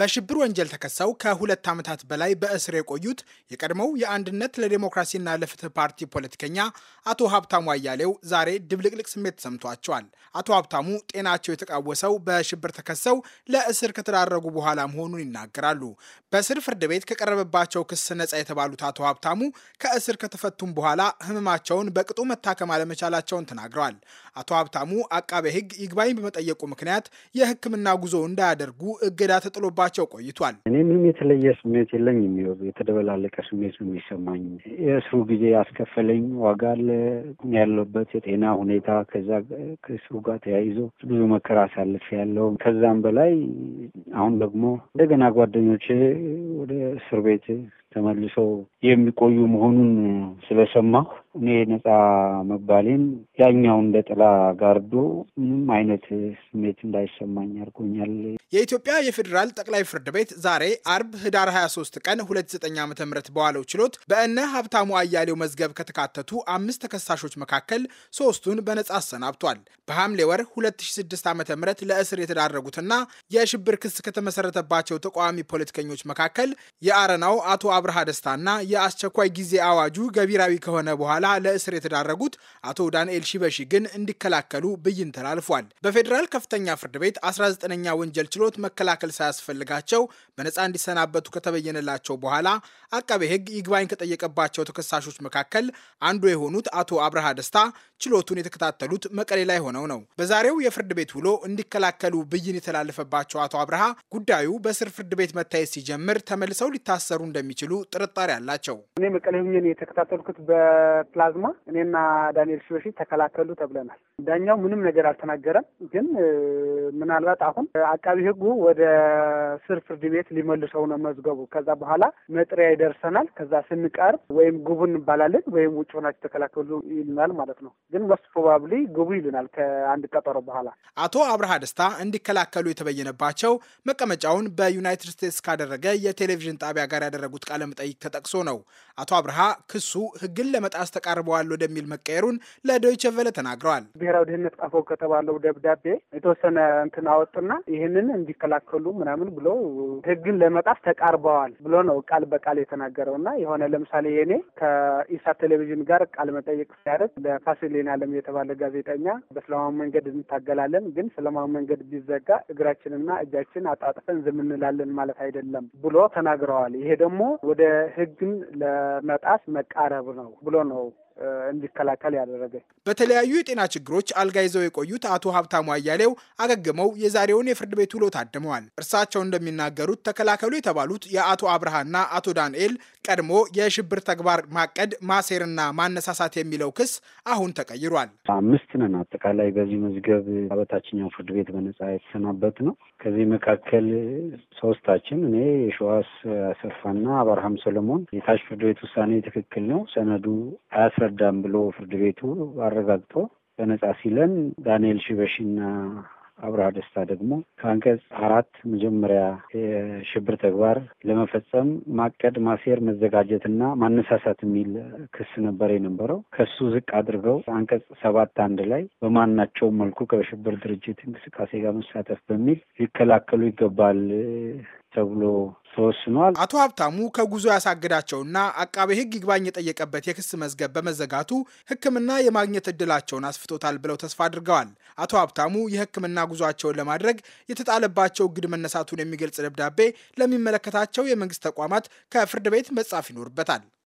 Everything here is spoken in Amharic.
በሽብር ወንጀል ተከሰው ከሁለት ዓመታት በላይ በእስር የቆዩት የቀድሞው የአንድነት ለዴሞክራሲና ለፍትህ ፓርቲ ፖለቲከኛ አቶ ሀብታሙ አያሌው ዛሬ ድብልቅልቅ ስሜት ተሰምቷቸዋል። አቶ ሀብታሙ ጤናቸው የተቃወሰው በሽብር ተከሰው ለእስር ከተዳረጉ በኋላ መሆኑን ይናገራሉ። በስር ፍርድ ቤት ከቀረበባቸው ክስ ነጻ የተባሉት አቶ ሀብታሙ ከእስር ከተፈቱም በኋላ ህመማቸውን በቅጡ መታከም አለመቻላቸውን ተናግረዋል። አቶ ሀብታሙ አቃቤ ህግ ይግባኝ በመጠየቁ ምክንያት የህክምና ጉዞ እንዳያደርጉ እገዳ ተጥሎባቸው ሲኖራቸው ቆይቷል። እኔ ምንም የተለየ ስሜት የለኝ የለኝም። የተደበላለቀ ስሜት ነው የሚሰማኝ። የእስሩ ጊዜ ያስከፈለኝ ዋጋ አለ። ያለበት የጤና ሁኔታ ከዛ ከእስሩ ጋር ተያይዞ ብዙ መከራ አሳልፍ ያለው ከዛም በላይ አሁን ደግሞ እንደገና ጓደኞቼ ወደ እስር ቤት ተመልሰው የሚቆዩ መሆኑን ስለሰማሁ እኔ ነፃ መባሌን ያኛው እንደ ጥላ ጋርዶ ምንም አይነት ስሜት እንዳይሰማኝ አድርጎኛል። የኢትዮጵያ የፌዴራል ጠቅላይ ፍርድ ቤት ዛሬ አርብ ህዳር 23 ቀን 29 ዓ ም በዋለው ችሎት በእነ ሀብታሙ አያሌው መዝገብ ከተካተቱ አምስት ተከሳሾች መካከል ሶስቱን በነጻ አሰናብቷል። በሐምሌ ወር 2006 ዓ ም ለእስር የተዳረጉትና የሽብር ክስ ከተመሰረተባቸው ተቃዋሚ ፖለቲከኞች መካከል የአረናው አቶ አብርሃ ደስታና የአስቸኳይ ጊዜ አዋጁ ገቢራዊ ከሆነ በኋላ ለእስር የተዳረጉት አቶ ዳንኤል ሺበሺ ግን እንዲከላከሉ ብይን ተላልፏል። በፌዴራል ከፍተኛ ፍርድ ቤት 19ኛ ወንጀል ችሎት መከላከል ሳያስፈልጋቸው በነፃ እንዲሰናበቱ ከተበየነላቸው በኋላ አቃቤ ሕግ ይግባኝ ከጠየቀባቸው ተከሳሾች መካከል አንዱ የሆኑት አቶ አብርሃ ደስታ ችሎቱን የተከታተሉት መቀሌ ላይ ሆነው ነው። በዛሬው የፍርድ ቤት ውሎ እንዲከላከሉ ብይን የተላለፈባቸው አቶ አብርሃ ጉዳዩ በስር ፍርድ ቤት መታየት ሲጀምር ተመልሰው ሊታሰሩ እንደሚችሉ እንደሚችሉ ጥርጣሬ አላቸው። እኔ መቀሌ ሁኜ የተከታተልኩት በፕላዝማ እኔና ዳንኤል ሽበሺ ተከላከሉ ተብለናል። ዳኛው ምንም ነገር አልተናገረም ግን ምናልባት አሁን አቃቢ ህጉ ወደ ስር ፍርድ ቤት ሊመልሰው ነው መዝገቡ። ከዛ በኋላ መጥሪያ ይደርሰናል። ከዛ ስንቀርብ ወይም ግቡ እንባላለን ወይም ውጭ ሆናችሁ ተከላከሉ ይልናል ማለት ነው። ግን ሞስት ፕሮባብሊ ጉቡ ይልናል ከአንድ ቀጠሮ በኋላ። አቶ አብርሃ ደስታ እንዲከላከሉ የተበየነባቸው መቀመጫውን በዩናይትድ ስቴትስ ካደረገ የቴሌቪዥን ጣቢያ ጋር ያደረጉት ቃለ መጠይቅ ተጠቅሶ ነው። አቶ አብርሃ ክሱ ህግን ለመጣስ ተቃርበዋል ወደሚል መቀየሩን ለዶይቸ ቬለ ተናግረዋል። ብሔራዊ ደህንነት ጻፈው ከተባለው ደብዳቤ የተወሰነ እንትን አወጡና ይህንን እንዲከላከሉ ምናምን ብሎ ህግን ለመጣፍ ተቃርበዋል ብሎ ነው ቃል በቃል የተናገረው እና የሆነ ለምሳሌ የኔ ከኢሳ ቴሌቪዥን ጋር ቃል መጠየቅ ሲያደርግ ለፋሲሌን አለም የተባለ ጋዜጠኛ በሰላማዊ መንገድ እንታገላለን፣ ግን ሰላማዊ መንገድ ቢዘጋ እግራችንና እጃችን አጣጥፈን ዝም እንላለን ማለት አይደለም ብሎ ተናግረዋል። ይሄ ደግሞ ወደ ህግን ለመጣስ መቃረብ ነው ብሎ ነው እንዲከላከል ያደረገ። በተለያዩ የጤና ችግሮች አልጋ ይዘው የቆዩት አቶ ሀብታሙ አያሌው አገግመው የዛሬውን የፍርድ ቤት ውሎ ታድመዋል። እርሳቸው እንደሚናገሩት ተከላከሉ የተባሉት የአቶ አብርሃና አቶ ዳንኤል ቀድሞ የሽብር ተግባር ማቀድ፣ ማሴርና ማነሳሳት የሚለው ክስ አሁን ተቀይሯል። አምስት ነን አጠቃላይ በዚህ መዝገብ በታችኛው ፍርድ ቤት በነጻ የተሰናበት ነው። ከዚህ መካከል ሶስታችን እኔ የሸዋስ አሰፋና አብርሃም ሰለሞን የታች ፍርድ ቤት ውሳኔ ትክክል ነው፣ ሰነዱ አያስረ አልረዳም ብሎ ፍርድ ቤቱ አረጋግጦ በነጻ ሲለን ዳንኤል ሽበሺና አብርሃ ደስታ ደግሞ ከአንቀጽ አራት መጀመሪያ የሽብር ተግባር ለመፈጸም ማቀድ፣ ማሴር፣ መዘጋጀትና ማነሳሳት የሚል ክስ ነበር የነበረው። ከሱ ዝቅ አድርገው አንቀጽ ሰባት አንድ ላይ በማናቸውም መልኩ ከሽብር ድርጅት እንቅስቃሴ ጋር መሳተፍ በሚል ሊከላከሉ ይገባል ተብሎ ተወስኗል። አቶ ሀብታሙ ከጉዞ ያሳገዳቸውና አቃቤ ሕግ ይግባኝ የጠየቀበት የክስ መዝገብ በመዘጋቱ ሕክምና የማግኘት እድላቸውን አስፍቶታል ብለው ተስፋ አድርገዋል። አቶ ሀብታሙ የሕክምና ጉዞቸውን ለማድረግ የተጣለባቸው እግድ መነሳቱን የሚገልጽ ደብዳቤ ለሚመለከታቸው የመንግስት ተቋማት ከፍርድ ቤት መጻፍ ይኖርበታል።